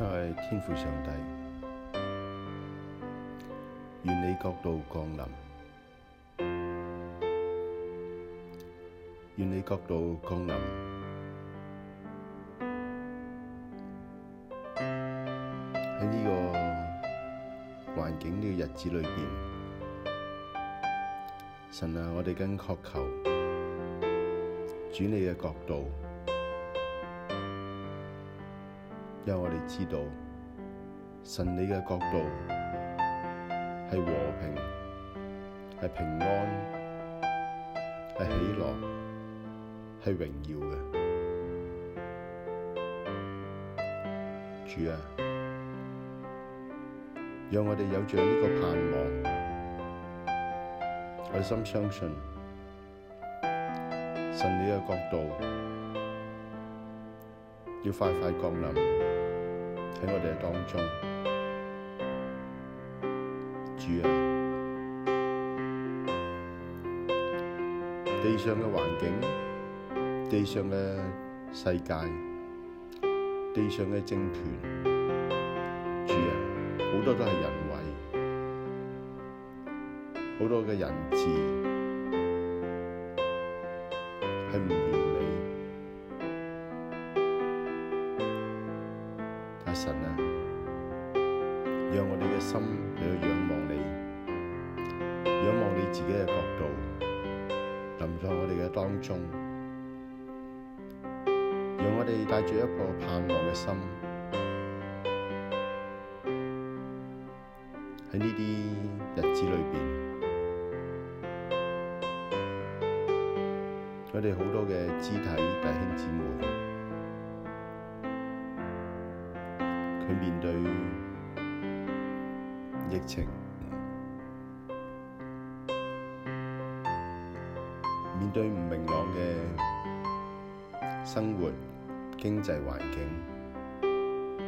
因為天父上帝，願你國度降臨，願你國度降臨。喺呢個環境嘅日子裏邊，神啊我，我哋更渴求主你嘅國度。讓我哋知道，神你嘅國度係和平，係平安，係喜樂，係榮耀嘅。主啊，讓我哋有住呢個盼望，愛心相信，神你嘅國度要快快降臨。喺我哋嘅當中，主啊，地上嘅環境，地上嘅世界，地上嘅政權，主啊，好多都係人為，好多嘅人治。心嚟去仰望你，仰望你自己嘅角度，臨在我哋嘅當中，讓我哋帶着一個盼望嘅心，喺呢啲日子裏邊，我哋好多嘅肢體弟兄姊妹。疫情，面對唔明朗嘅生活經濟環境，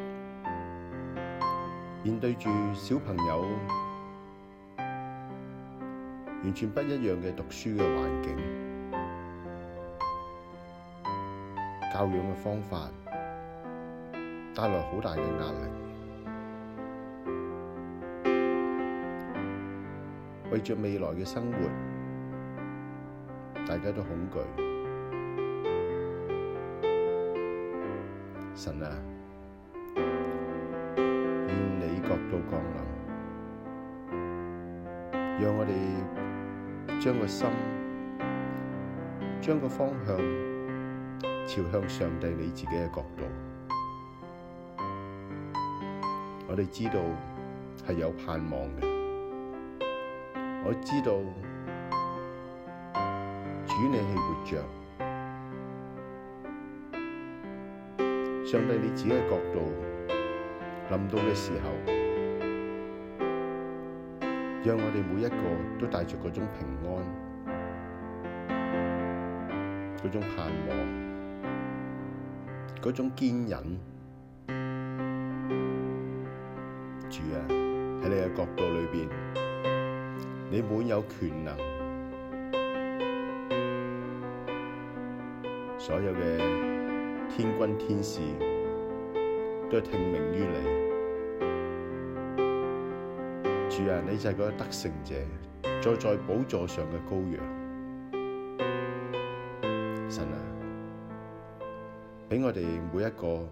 面對住小朋友完全不一樣嘅讀書嘅環境、教養嘅方法，帶來好大嘅壓力。為著未來嘅生活，大家都恐懼。神啊，願你國度降臨，讓我哋將個心、將個方向朝向上帝你自己嘅國度。我哋知道係有盼望嘅。我知道主你係活着，上帝你自己嘅角度諗到嘅時候，讓我哋每一個都帶住嗰種平安，嗰種盼望，嗰種堅忍。主啊，喺你嘅角度裏面。你滿有權能，所有嘅天軍天使都聽命於你。主啊，你就係嗰個得勝者，坐在寶座上嘅羔羊。神啊，俾我哋每一個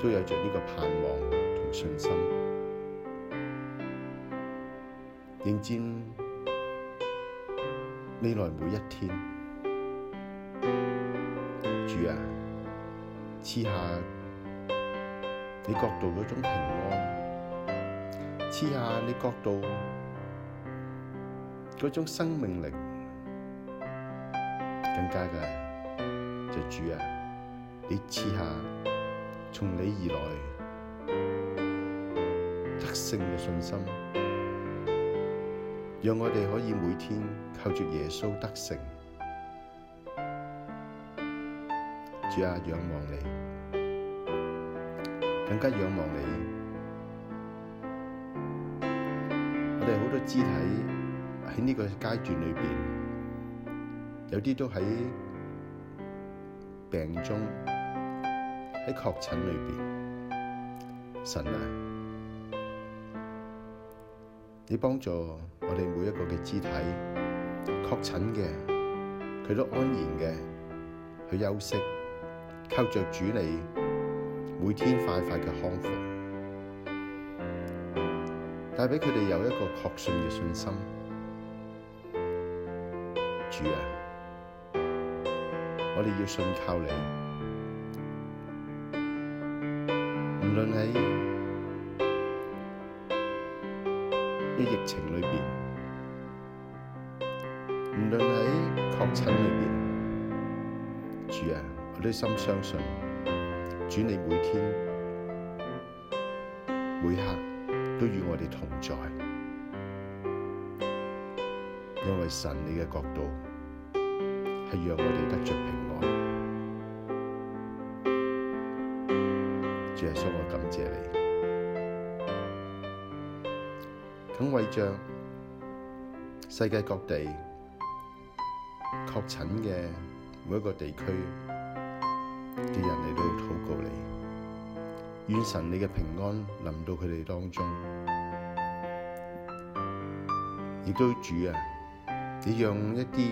都有着呢個盼望同信心。迎接未來每一天，主啊，賜下你國度嗰種平安，賜下你國度嗰種生命力，更加嘅就是，主啊，你賜下從你而來得勝嘅信心。讓我哋可以每天靠住耶穌得勝。主啊，仰望你，更加仰望你。我哋好多肢體喺呢個階段裏邊，有啲都喺病中，喺確診裏邊，神啊！你幫助我哋每一個嘅肢體確診嘅，佢都安然嘅去休息，靠着主你，每天快快嘅康復，帶俾佢哋有一個確信嘅信心。主啊，我哋要信靠你，無論喺。喺疫情裏面，無論喺確診裏面，主啊，我都心相信主你每天每刻都與我哋同在，因為神你嘅國度係讓我哋得着平安，主啊，所以我感謝你。肯為着世界各地確診嘅每一個地區嘅人嚟到禱告你，願神你嘅平安臨到佢哋當中，亦都主啊，你讓一啲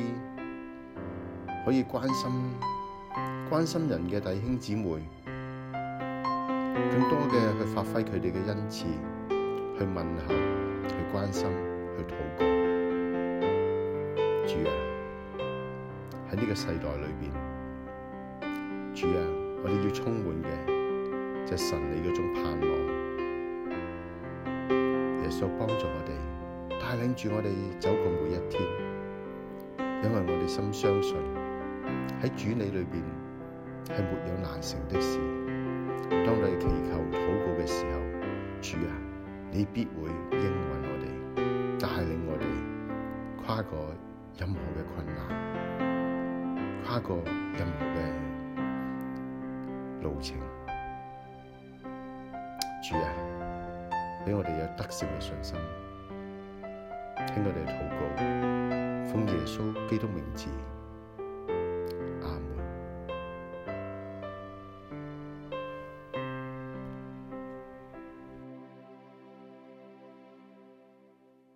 可以關心關心人嘅弟兄姊妹，更多嘅去發揮佢哋嘅恩慈。去問候，去關心，去禱告。主啊，喺呢個世代裏面，主啊，我哋要充滿嘅就是神你嗰種盼望。耶穌幫助我哋，帶領住我哋走過每一天，因為我哋心相信喺主你裏面係沒有難成的事。當你祈求禱告嘅時候，主啊。你必會應允我哋，帶領我哋跨過任何嘅困難，跨過任何嘅路程。主啊，俾我哋有得勝嘅信心，聽我哋禱告，奉耶穌基督名字。